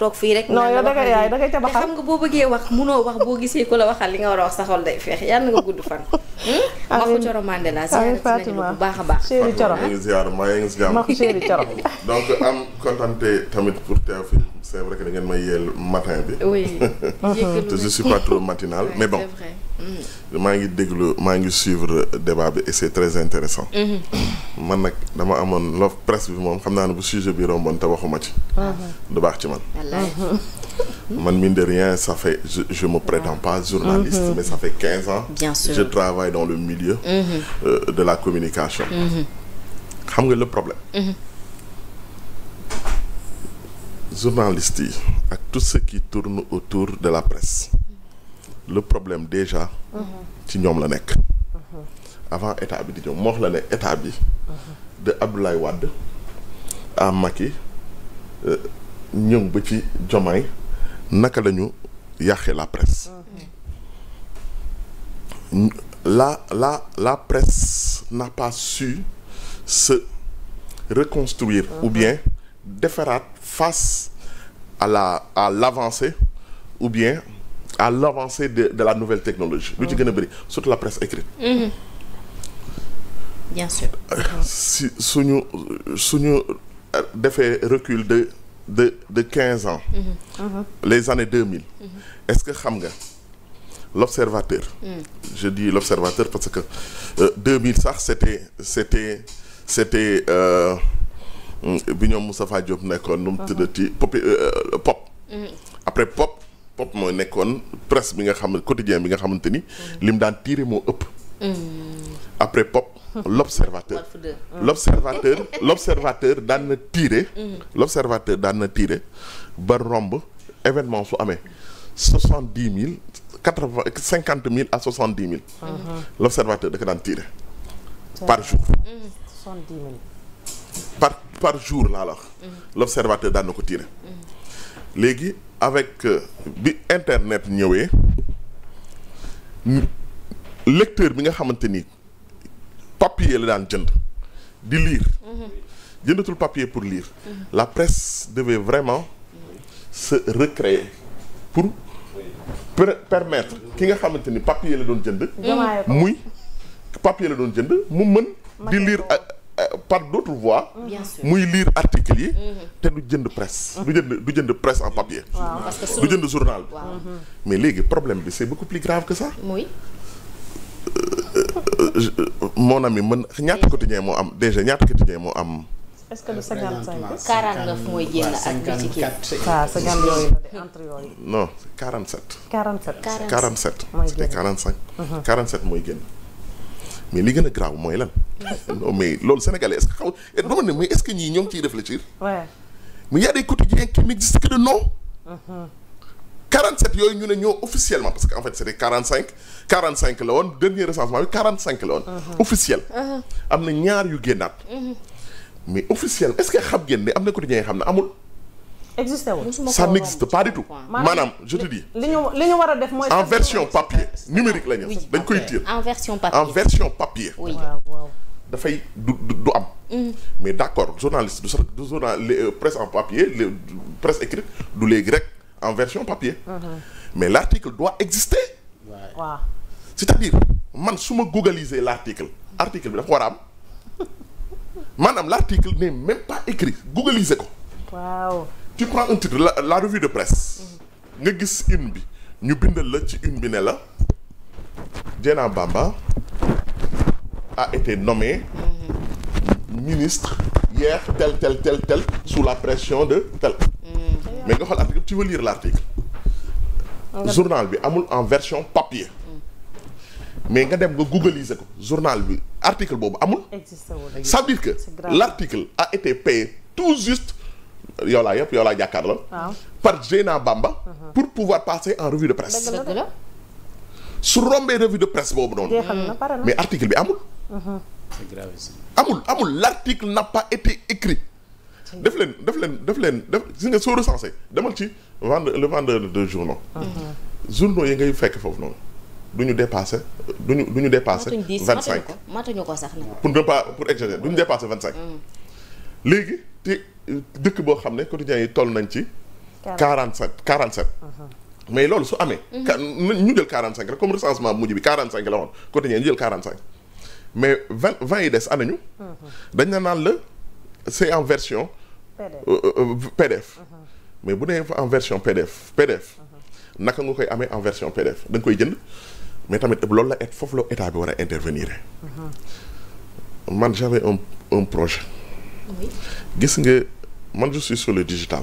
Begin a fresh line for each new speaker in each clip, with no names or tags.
toog fii rek. non yow dangay yaay dangay ca baxal xam nga boo bëggee wax munoo wax boo gisee ku la li nga war a wax sa xol day feex yàlla na nga hmm? baax a baax. chéri Coro
maa ngi chéri Coro. donc am contenté tamit pour teew fi c'est vrai que da ngeen may yeel matin bi. oui. te je suis matinal mais bon. Mm. maa ngi déglu maa ngi suivre débat bi et c'est très intéressant mm-hmm. man nag dama amoon lo presse bi moom xam naa ne bu sujet bi romboon te waxuma ci mm-hmm. du baax ci man mm-hmm. man mine sa rien ça fait je je me prétends pas journaliste mais ça fait quinze ans je travaille dans le milieu
euh,
de la communication xam nga le problème journalistes yi ak tout ce qui tourne autour de la presse le problème déjà. ci ñoom la nekk. avant état bi di ñëw moo wax la ne état bi. de Abdoulaye Wade à Macky euh, ñëw ba ci Diomaye naka la ñu yàqee la presse. la la la presse n'a pas su se reconstruire. ou bien defaraat face à la à l'avancée ou bien. à l'avancée de de la nouvelle technologie. lu ci gën a bëri surtout la presse écrite.
Mm-hmm. bien sûr.
si suñu suñu defee recule de de de quinze ans. Mm-hmm. Uh-huh. les années deux mille. Mm-hmm. est-ce que xam nga l'observateur. Mm. je dis l'observateur parce que euh, deux mille sax c'était c'était c'était euh, bi ñoom Moustapha Diop nekkoon. nu mu uh-huh. tuddati euh, pop. Mm. après pop. pop mooy nekkoon presse bi nga xam ne quotidien bi nga xamante ni. lim daan tiire moo ëpp. Mm. après pop. l'observateur l'observateur l'observateur daan na tiire. Mm. l'observateur daan na tiire ba romb événement su amee soixante dix mille quatre vingt cinquante mille à soixante dix mille. Mm-hmm. l'observateur da daan tiire par jour.
Mm-hmm.
par jour laa la wax. Mm-hmm. l'observateur daan na ko tiire. léegi avec euh, bi internet ñëwee lecteur bi nga xamante ni papier la daan jënd di lire mhm. jëndatul papier pour liir mhm. la presse devait vraiment se recréer pour permettre ki nga xamante ni papier la doon jënd mhm. muy papier la doon jënd mu mën di lire par d'autres voies. muy lire articles yi. Mhm. te du jënd presse. Mhm. du jënd du jënd presse en papier. du jënd journal bi. Mhm. mais léegi problème bi c'est beaucoup plus grave que ça. oui. Euh, euh, euh, mon ami man ñaata quotidien moo am déjà ñaata quotidien moo am.
est-ce que du 55. 49 mooy génn ak ci
kii. mooy génn. mais li gën a grave mooy lan. non mais loolu sénégalais est-ce que xaw dama ne mais est-ce que ñii ñoo ngi ciy réfléchir. ouais mais y a des quotidiens qui
mm-hmm.
yooyu ñu ne ñoo officiellement parce que en fait c'était 45 45 la woon dernier recensement bi 45 la woon. Mm-hmm. officiel. Mm-hmm. am na ñaar yu génnaat. mais officiel est-ce que xam ngeen ne am na quotidien xam ne amul.
existé wul ça n'existe
pas du tout. maanaam je te dis.
li ñu a def mooy. en
version papier numérique la ñu. dañ koy tiir en
version papier en version
papier. oui dafay du du am. Mm-hmm. mais d'accord journaliste du sax du journal euh, presse en papier le presse du léegi rek en version papier. Mm-hmm. mais l'article doit exister. waaw man su ma googliser l'article article bi dafa war a am maanaam l'article n'est même pas écrit googliser ko. tu prends un la, la revue de presse nga gis une bi ñu bindal la ci une bi ne la Dieyna Bamba a été nommé ministre hier tel tel tel sous la pression de tel mais nga xool article tu veux lire l'article ah, journal bi amul en version papier mais nga dem nga googliser ko journal bi article boobu amul ça que l'article a été payé yow laa yëpp yow laa jàkkaar la par Jeena Bamba mhm. pour pouvoir passer en revue de presse su rombee revue de presse boobu noonu mais article bi amul mhm. amul amul l'article n'a pas été écrit def leen def leen def leen def si nga soo recensé demal ci vende le vendeur de journaux
mhm.
journaux yi ngay fekk foofu noonu du ñu dépassé du ñu du ñu dépassé vingt cinq
matuñu ko sax nag
pour ne pas pour exagérer du ñu dépassé vingt cinq léegi te dëkk boo xam ne quotidiens yi toll nañ ci. 47 47. Uh-huh. mais loolu su amee. Mm-hmm. ñu jël 45 rek comme recensement bu mujj bi 45 la woon quotidiens ñu jël 45. mais 20 yi des anañu. Mm-hmm. dañ la naan la c'est en version. PDF. Euh, euh, mm-hmm. mais bu nee en version PDF PDF. naka nga koy amee en version PDF da koy jënd mais tamit lool la et foofu la état bi war a intervenir. man j'avais un un projet. gis nga. man je suis sur le digital.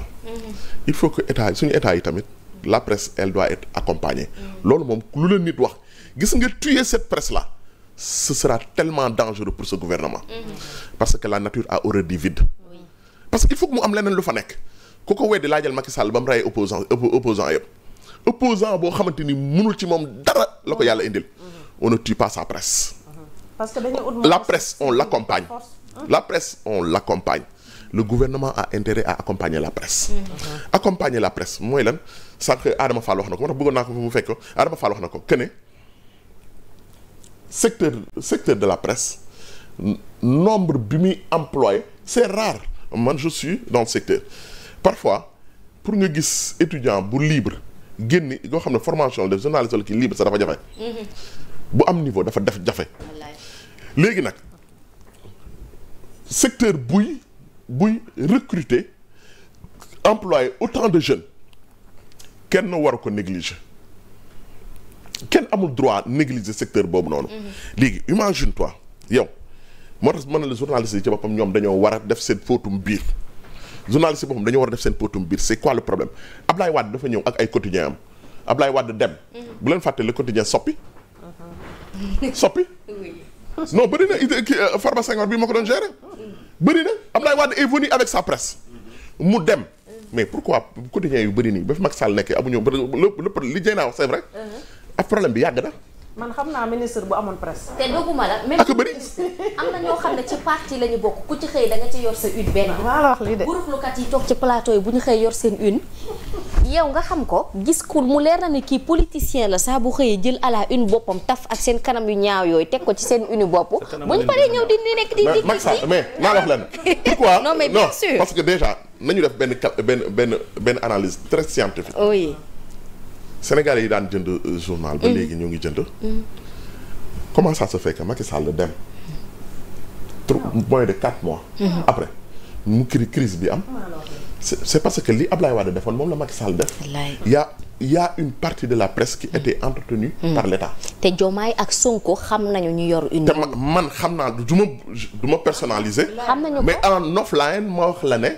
il faut que état suñu état yi tamit la presse elle doit être accompagnée. loolu moom lu la nit wax gis nga tuer cette presse la ce sera tellement dangereux pour ce gouvernement. parce que la nature a horreur du vide. parce que il faut que mu am leneen lu fa nekk ku ko weddi laajal Macky Sall ba mu rayee opposant opposant yëpp opposant boo xamante ni mënul ci moom dara la ko yàlla indil. on ne tue pas sa presse. parce la compagne la presse on l'accompagne. le gouvernement a intérêt à accompagner la presse. Mm-hmm. Uh-huh. accompagner la presse mooy lan sànq Adama Fall wax na ko moo tax bëggoon naa ko mu fekk ko Adama Fall wax na ko que ne secteur secteur de la presse nombre bi muy emploi c'est rare man je suis dans le secteur parfois pour nga gis étudiant bu libre génn yoo xam ne formation la def journaliste la ki libre sax dafa jafe. Mm-hmm. bu am niveau dafa def jafe. léegi nag secteur buy. buy recruter employer autant de jeunes kenn waru ko négliger kenn amul droit négliger secteur boobu noonu. Mm-hmm. léegi imagine toi yow moo tax mën na la journaliste yi ci boppam ñoom dañoo war a def seen fóotum biir journaliste yi boppam dañoo war a def seen fóotum biir c'est quoi le problème Ablaye Wade dafa ñëw ak ay quotidien am Ablaye Wade dem. Mm-hmm. bu leen fàtte le quotidien soppi. Uh-huh. soppi. non bëri na euh, Farba Senghor bi moo ko doon gérer. Mm-hmm. bëri na Abdoulaye Wade est venu avec sa presse. mu dem. mais pourquoi quotidien yu bëri nii ba fi Macky Sall nekkee amuñu lépp li jëy naa wax c'est vrai. Uh-huh. ak ah, problème bi yàgg na.
man xam naa ministre bu amoon presse. te doguma la même ak bëri am na ñoo xam ne ci parti la bokk ku ci xëy da nga ci yor sa une benn. waaw wax lii de. groupe lukat yi toog ci plateau yi bu ñu xëy yor seen une. yow nga xam ko gis ku mu leer na ne kii politicien la saa bu xëyee jël à la une boppam taf ak seen kanam yu ñaaw yooyu teg ko ci seen une bopp buñ paree ñëw di nekk di di mais maa la wax lenn pourquoi mais bien parce
que déjà nañu def benn benn benn benn analyse très scientifique oui Sénégalais yi daan jënd euh, journal mm. léegi ñu ngi jënd mm. comment ça se fait que Macky trop moins de quatre mois mm-hmm. après mu cri crise bi am c'est parce que li Ablaye Wade defoon moom la Macky Sall def. y a y une partie de la presse qui était entretenue. Mm. par l'État.
te Diomaye ak Sonko xam nañu
ñu yor une. te man xam naa du ma du personnaliser. xam nañu ko mais en offline ma wax la ne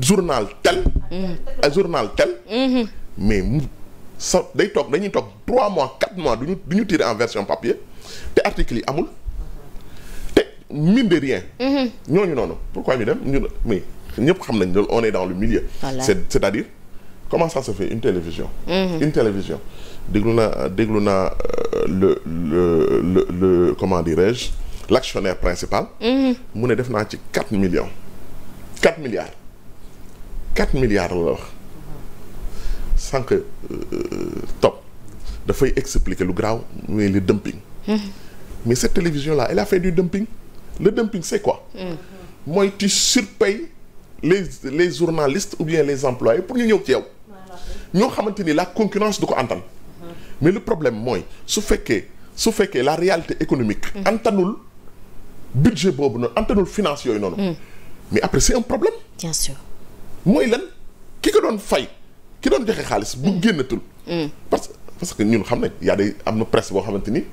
journal tel. ak mm. journal tel. Mm-hmm. mais mu sa day toog dañuy toog 3 mois 4 mois du ñu du ñu tirer en version papier te articles yi amul te mine de rien. Mm-hmm. ñooñu noonu pourquoi ñu dem mais. ñëpp xam nañ loolu on est dans le milieu. c'est c'est-à-dire comment ça se fait une télévision. Mmh. une télévision déglu naa déglu naa euh, le le le comment dirais-je l'actionnaire principal. Mm-hmm. mu ne def naa ci quatre millions. quatre milliards. quatre milliards la wax sans que euh, top dafay expliquer lu graaw mais le dumping. Mm-hmm. mais cette télévision là elle a fait du dumping le dumping c'est quoi. Mm-hmm. mooy tu surpayes les les journalistes ou bien les employés pour ñu ñëw ci yow. ñoo xamante ni la concurrence du ko antan mais le problème mooy su fekkee su fekkee la réalité économique. Mm. antanul budget boobu noonu antanul finance yooyu noonu. Mm. mais après c'est un problème. bien sûr mooy lan ki ko doon fay ki doon joxe xaalis. bu mm. génnatul. parce que parce que ñun xam nañ yaa day am na presse boo xamante ni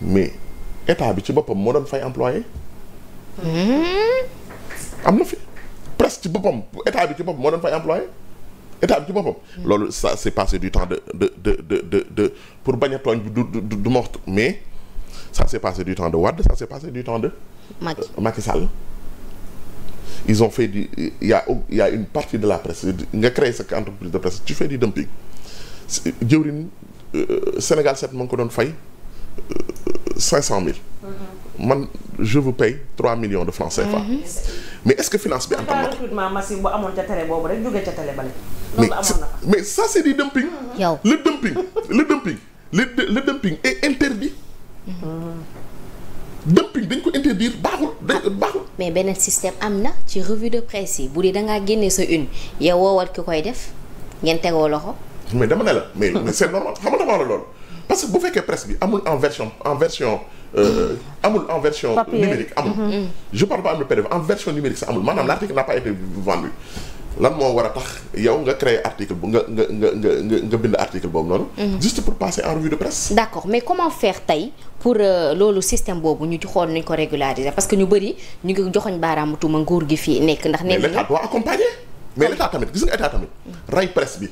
mais état bi ci boppam moo doon fay employé. am na fi presse ci boppam état bi ci boppam moo doon fay employé état bi ci boppam. Hmm. loolu ça c'est passé du temps de de de de pour bañ a tooñ bi du du du mais sa s'est passé du temps de Wade ça s'est passé du temps de. Macky euh, Macky Sall. ils ont fait du il y a il y a une partie de la presse nga créé sa entreprise de presse tu fais du dumping jëwrin euh, Sénégal set ma ko doon fay euh, cinq cent mille mm-hmm. man je vous paye trois millions de francs CFA. Mm-hmm. mais est-ce que finance bi. am na ko recrutement massif bu amoon ca télé boobu rek jóge ca télé ba mais mais ça c'est du dumping. yow le dumping le dumping le dumping interdit.
baaxul baaxul. mais benn système am na ci revue de presse yi bu dee da ngaa génnee sa une yow woowat ki koy def ngeen tegoo loxo.
mais dama ne la mais c'est normal xam nga dama la loolu. parce que bu fekkee presse bi amul en version en version. Euh, amul en version. numérique amul. Mm-hmm. Mm-hmm. je parle pas amul PDF en version numérique sax amul maanaam l' article n'a pas été vendu. lan moo war a tax yow nga créer article bu nga nga nga nga nga bind article boobu noonu. Mm-hmm. juste pour passer en revue de presse. d'
accord mais comment faire tey pour euh, loolu système boobu ñu que ñu bëri ñu ngi joxoñ baaraamu tuuma nguur gi fii nekk ndax. nee mais l' état doit
accompagner mais l' mm. bi.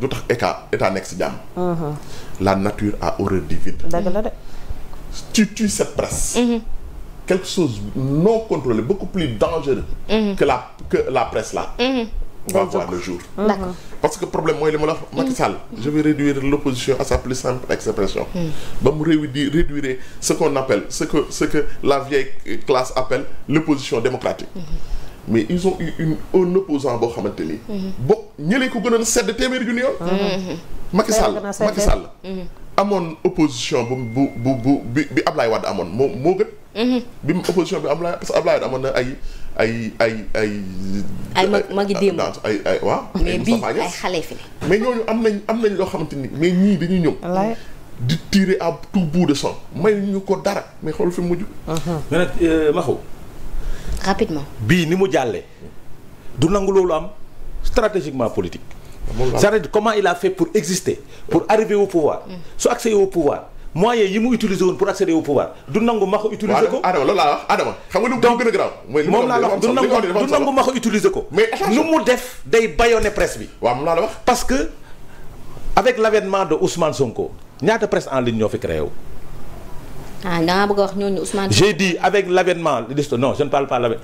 du tax état état nekk si jàmm. Mhm. la nature a horreur du vide. dëgg la de. tu tues cette presse. Mhm. quelque chose non contrôlé beaucoup plus dangereux. Mhm. que la que la presse là. va voir le jour. parce que problème mooy li ma la wax. je vais réduire l'opposition à sa plus simple expression. ba mu réduire réduire ce ce que ce que la vieille classe appelle l'opposition démocratique. mais ils ont eu une un opposant boo xamante ni. Mhm. bokk ñëlee ko a sedd téeméer junni yoon. Mhm. Mhm. Macky Sall Macky Sall. amoon opposition bu bu bu bu bi bi laay Wade amoon moo moo gën. bi opposition bi Ablaye parce que amoon na ay ay ay ay. ay mag magi démb ay ay waaw. mais bii ay xale fi mais ñooñu am nañ am nañ loo xamante ni mais ñii dañuy ñëw. di tirer à tout bout de son may ñu ko dara mais xool fi mu mujj.
nga ne euh, Maxou. rapidement bii ni mu jàllee du nangu loolu am stratégiquement politique. c'est-à-dire comment il a fait pour exister pour arriver au pouvoir. su accéder au pouvoir moyens yi mu utiliser woon pour accéder au pouvoir du nangu ma ko utiliser ko Adama loolu laa wax Adama. xam nga lu gën a garaaw. mooy moom laa wax du nangu ma ko utiliser ko. mais lu mu def day bayonner presse bi. waaw moom laa la wax parce que avec l'avènement de Ousmane Sonko ñaata presse en ligne ñoo fi créé wu.
ah da a wax ñooñu Ousmane.
j'ai dit avec l' avènement non je ne parle pas uh-huh.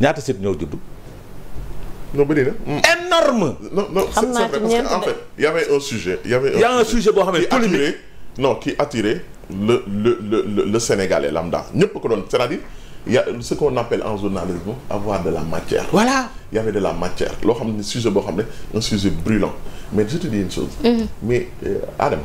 ñaata site ñoo judd. non
bëri na. énorme non non c'est vrai parce que en fait sujet boo xam ne polémique non qui attirait le le le le Sénégalais lambda ñëpp ko doon c'est-à-dire y ce qu'on appelle en journalisme avoir de la matière. voilà y avait de la matière loo xam ne sujet boo xam ne un sujet brûlant mais je te dis une chose. Mm-hmm. mais euh, Adama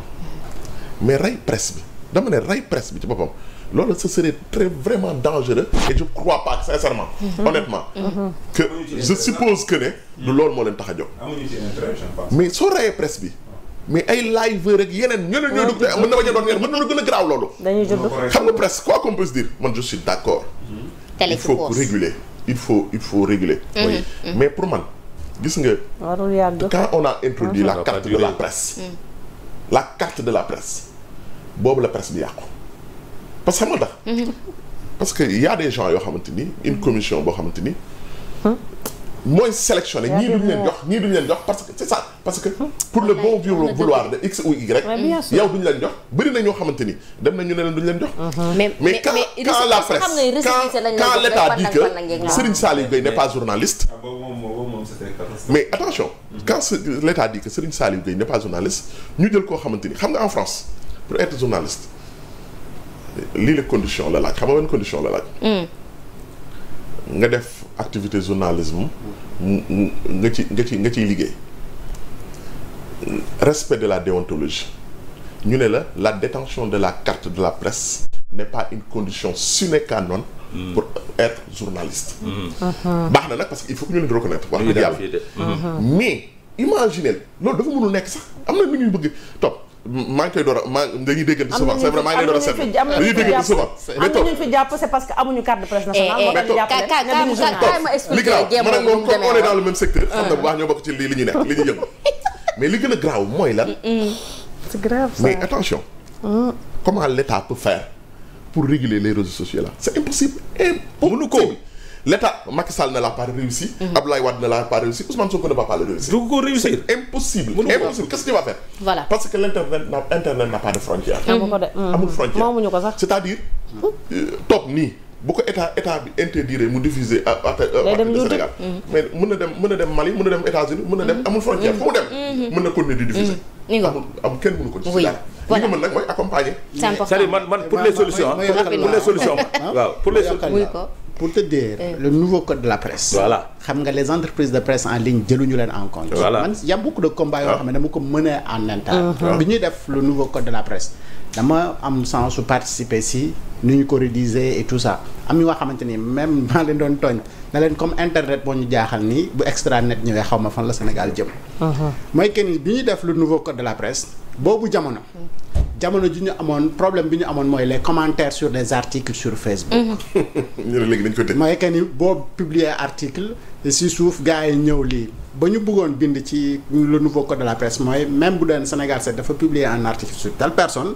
mais rey presse bi. dama ne rey presse bi ci boppam loolu ce serait très vraiment dangereux et je crois pas sincèrement mhm. honnêtement mhm. que je suppose que ne du loolu moo leen tax a jóg mais soo reyee presse bi mais ay live rek yeneen ñeneen ñoo dugg mën na bañ a doon ñeneen mën na gën a garaaw loolu xam nga presse quoi qu'on peut dire man je d'accord
mhm. il faut réguler
il faut il faut réguler mais pour man gis nga quand on a introduit la carte de boobu la presse bi yàqu parce que xam nga tax mhm. parce que y a des yoo xamante ni une mhm. commission boo xamante ni mooy sélectionné ñii duñ leen jox ñii duñ leen jox parce que c'est ça parce que pour le bon vouloir de x ou y mhm. yow duñ leen jox bëri na ñoo xamante ni dem na ñu ne leen duñ leen jox mais quand quand la presse
quand l'état dit que
Serigne journaliste ah, mais attention quand l'état dit que Serigne Saliou Gueye n'est journaliste ñu jël koo xamante ni xam nga en France pour être journaliste lii la condition la laaj xam nga benn condition la laaj. Hmm. nga def activité journalisme. nga ci nga ci nga ciy liggéey. respect de la déontologie ñu ne la la détention de la carte de la presse n'est pas une condition sine qua non hmm. pour être journaliste hmm. uh-huh. baax na nag parce que il faut que ñu leen reconnaître wax dëgg yàlla uh-huh. mais imaginez loolu dafa mënul nekk sax am na nu ñuy bëgg topp maa ngi koy door a maa dañuy déggante souvent c'est vrai maa ngi lay door a seet dañuy déggante souvent mais toog am na ñu fi jàpp c'est parce que
amuñu carte de presse eh, eh, nationale moo tax ñu jàpp li graaw ma ne moom comme on est dans
le même secteur xam na bu baax ah. ñoo bokk ci li li ñuy nekk li ñuy yëngu mais li gën a graaw mooy lan
c'est grave ça mais attention hmm.
comment l'état peut faire pour réguler les réseaux sociaux là c'est impossible impossible mënu ko l'état Macky Sall ne l'a pas réussi. Mhm. Abdoulaye Wade ne l'a pas réussi Ousmane Sonko ne va pas le réussir. du ko réussir impossible. impossible qu'est-ce que tu n'a pas frontière. amul mm-hmm. frontière moomuñu ko sax. c'est-à-dire euh, toog nii. bu ko état état bi interdire mu diffuser euh, à à euh, Sénégal mm-hmm. mais mën na dem mën na dem Mali mën na dem États-Unis mën na dem mm-hmm. amul frontière fu mu dem mën na continuer di diffuser amul nga mën nag mooy accompagner c'est-à-dire
pour te dire eh. le nouveau code de la presse. voilà xam nga les entreprises de presse en ligne jëluñu leen en compte. man y' a beaucoup de combats yoo ah. xam ne dama ko mën a en uh-huh. bi ñuy def le nouveau code de la presse dama am sens su participer si ni ñu ko rédiger et tout ça am ñoo xamante ni maa leen doon tooñ na leen comme internet boo jaaxal ni bu extranet ñëwee xaw ma fan la Sénégal jëm. Uh-huh. mooy que ni bi ñuy def le nouveau code de la presse boobu jamono. Mm. jamono ji ñu amoon problème bi ñu amoon mooy les commentaires sur des articles sur Facebook. Mhm. mooy que ni boo publier article si suuf gars yi ñëw lii ba ñu bëggoon bind ci le nouveau code de la presse mooy même bu doon Sénégal 7 dafa publier un article sur telle personne.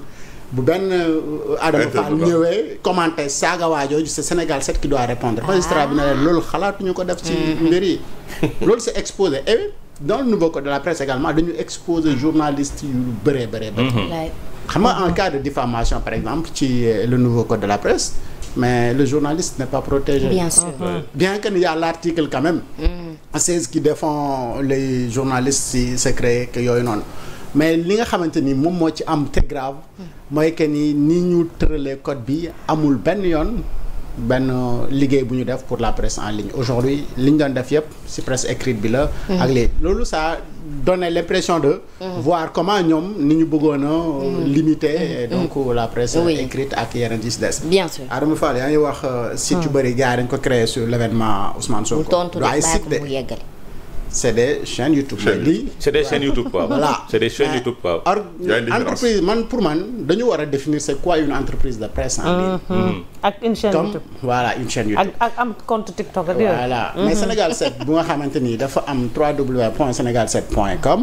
benn euh, Adama Fall ñëwee commenté saaga waajooju c'est Sénégal 7 qui doit répondre ah. magistrat bi na leen loolu xalaatuñu ko def ci mhm. mbir yi loolu c'est exposé et dans le nouveau code de la presse également dañu exposé journaliste yu bëree bëree bëri xam nga en cas de diffamation par exemple ci euh, le nouveau code de la presse mais le journaliste n'est pas protégé. bien sûr ah, bien que y a l'article quand c'est ce mm. qui défend les journalistes si secret que yooyu noonu. mais li nga xamante ni moom moo ci am te grave. Mm. mooy que ni ni ñu tëralee code bi amul benn yoon. benn liggéey bu ñu def pour la presse en ligne aujourd'hui li ñu doon def yëpp ci presse écrite bi la mm-hmm. ak léegi loolu ça donnait l'impression de mm-hmm. voir comment ñoom ni ñu bëggoon a mm-hmm. limiter donc la presse écrite ak yeneen gis des bien sûr Adama Fall yaa ngi wax euh, site yu mm. bëri gars yi dañ ko créé sur l'événement Ousmane Sonko ay site de c'est des chaînes YouTube. lii
c'est des chaînes YouTube quoi. voilà c'est des chaînes YouTube
quoi. entreprise man pour man dañu war a définir c'est quoi une entreprise de presse en ligne. Mm-hmm. Mm-hmm. ak une chaîne YouTube voilà une chaîne YouTube.
ak am compte TikTok ak voilà mm-hmm. mais Sénégal
7 bu nga xamante ni dafa am www.senegal7.com.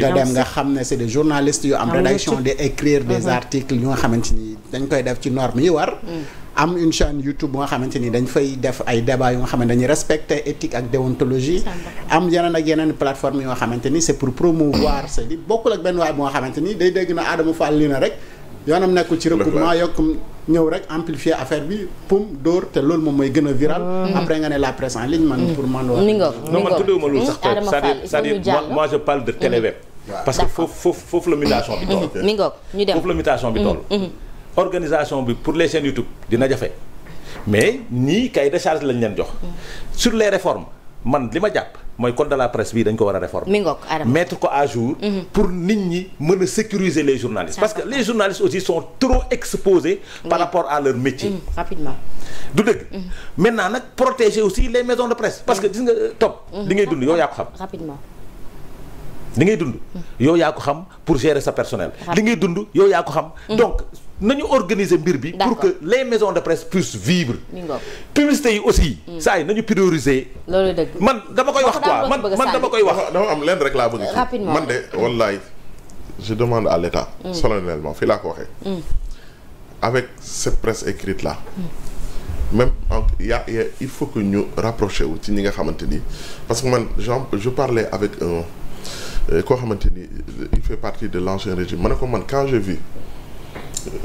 nga dem nga xam ne c'est des journalistes yu am ah rédaction di écrire des articles yu nga xamante ni dañ koy def ci normes yi war. Mm. am une chaîne YouTube bu nga xamante ni dañ fay def ay débat yu nga xamante dañuy respecter éthique ak déontologie am yeneen ak yeneen plateforme yu nga xamante ni c'est pour promouvoir c'est di bokkul ak benn waay bu nga xamante ni day dégg na Adama Fall li na rek yoonam nekkul ci recoupement yokk ñëw rek amplifier affaire bi pum dóor te loolu moom mooy gën a viral. Mm. après nga ne la presse en ligne man mm. pour man. mi ngoog mi ngoog non
man mm. foofu bi mm-hmm. organisation bi pour les chaînes YouTube dina jafe mais nii kay décharge lañ leen jox. sur les réformes man li ma jàpp mooy code de la presse bii dañ ko war a réformer. mi mettre ko à jour. Mhm. pour nit ñi mën a sécuriser les journalistes. parce que les journalistes aussi sont trop exposés. par rapport à leur métier. Mhm, rapidement. du dëgg. Mhm. maintenant nag protéger aussi les maisons de presse. parce que gis nga euh, topp. li ngay dund yow yaa ko xam. li ngay dund. yow yaa ko xam pour gérer sa personnel. li ngay dund yow yaa ko xam. donc nañu organiser mbir bi pour que les maisons de presse puissent vivre
publicité yi aussi hmm. saa yi nañu prioriser man dama koy wax man man dama koy wax am lenn rek laa bëgg rapidement man de wallaay je demande à l'état hmm. solennellement fii laa ko waxee hmm. avec cette presse écrite là même y a, y il faut que ñu rapproché wu ci ñi nga xamante ni parce que man genre je parlais avec euh, koo xamante ni il fait partie de l'ancien régime ma ne ko man quand j'ai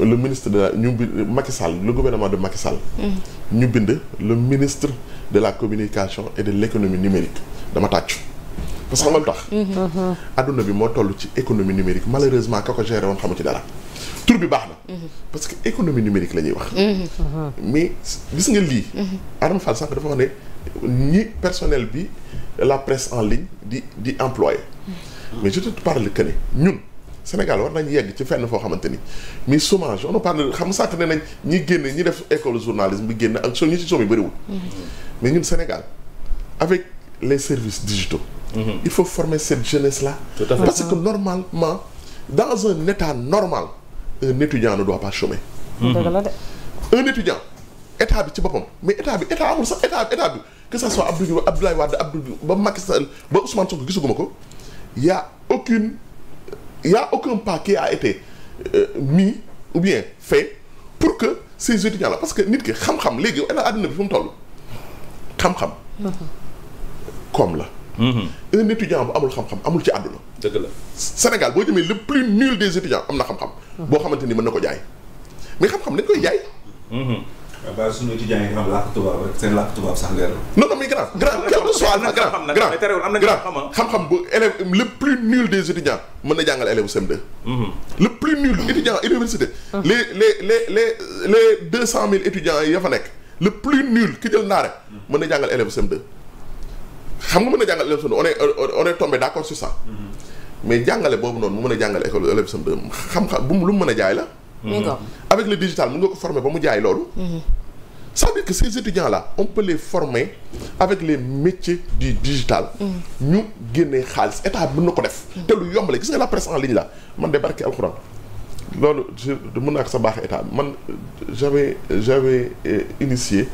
ministre le ministre de la ñu bind Macky Sall le gouvernement de Macky Sall. ñu bind le ministre de la communication et de l' économie numérique dama tàccu. parce que xam nga lu tax. adduna bi moo toll ci économie numérique malheureusement ka ko géré woon xamu ci dara tur bi baax na. parce que économie numérique la ñuy wax. mais gis nga lii. Adama Fall sànq dafa wax ne ñi personnel bi la presse en ligne di di employé. mais je te parle que ne ñun. Sénégal war nañu yegg ci fenn foo xamante ni mais chômage on parle xam sànq ne nañ ñi génn ñi def école journalisme bi génn ak so ñi ci chômé bëriwul mm-hmm. mais ñun Sénégal avec les services digitaux mm-hmm. il faut former cette jeunesse là parce que mm-hmm. normalement dans un état normal un étudiant ne doit pas chômer mmh. un bi ci boppam mais état bi état amul sax état bi que ça soit Abdou Abdoulaye Wade Abdou ba Macky Sall ba Ousmane Sonko ko y a aucune il y a aucun pas qui a été euh, ou bien fait pour que ces étudiants là parce que nit ki xam-xam léegi àddina bi fu mu toll xam-xam. Mm-hmm. comme la. Mm-hmm. un étudiant bu amul xam-xam amul ci àdduna. dëgg la Sénégal boo demee le plus nul des étudiants am na xam-xam. Mm-hmm. boo xamante ni mën na ko jaay mais xam-xam dañ koy jaay.
waaw
baax na suñu étudiants soit nag grand grand xam-xam bu élève le plus nul des étudiants mën na jàngal élève sem 2 mhm. le plus nul étudiant université ah. les les les les les deux cent mille étudiants yi ya fa nekk le plus nul ki jël naare mën na jàngal élève sem 2 xam nga mën na jàngal élève sem 2 on est on est tombé d'accord sur ça mhm. mais jàngale boobu noonu mu mën a jàngal école élève sem 2 xam-xam bu lu mu mën a jaay la avec le digital mën nga ko former ba mu jaay loolu mhm. ça veut dire que ces étudiants là on peut les former avec les métiers du digital. ñu génnee xaalis état mën na ko def. te lu yomb la gis nga la presse en ligne là man de barke alxuraan loolu je mën ak sa baax état man j'avais j'avais euh, initié.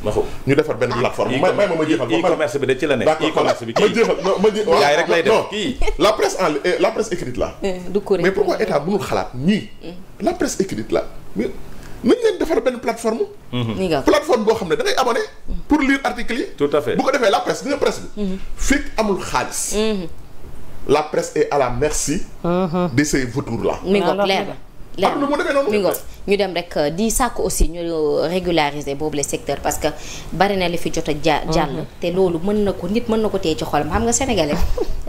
ñu defar benn ah, plateforme. may may ma ma jeexal ma e-commerce bi de ci la ne. e-commerce bi kii ma je ma rek lay def la presse en la presse écrite là. Eh, mais pourquoi état mënul xalaat ñii. la presse écrite la nañ leen defar benn plateforme. Mhm. plateforme boo xam ne da ngay pour lire article yi. tout à fait bu ko defee la presse dina presse bi. Mhm. fekk amul xaalis. Mhm. la presse est à la merci. de ces vautours-là. mi ngoog leer
na mu demee noonu. mi ngoog ñu dem rek euh, di sàkk aussi ñu euh, régulariser boobu le secteur parce que barina na li fi jot a. jàll te loolu mën na ko nit mën na ko téye ci xolam xam nga sénégalais.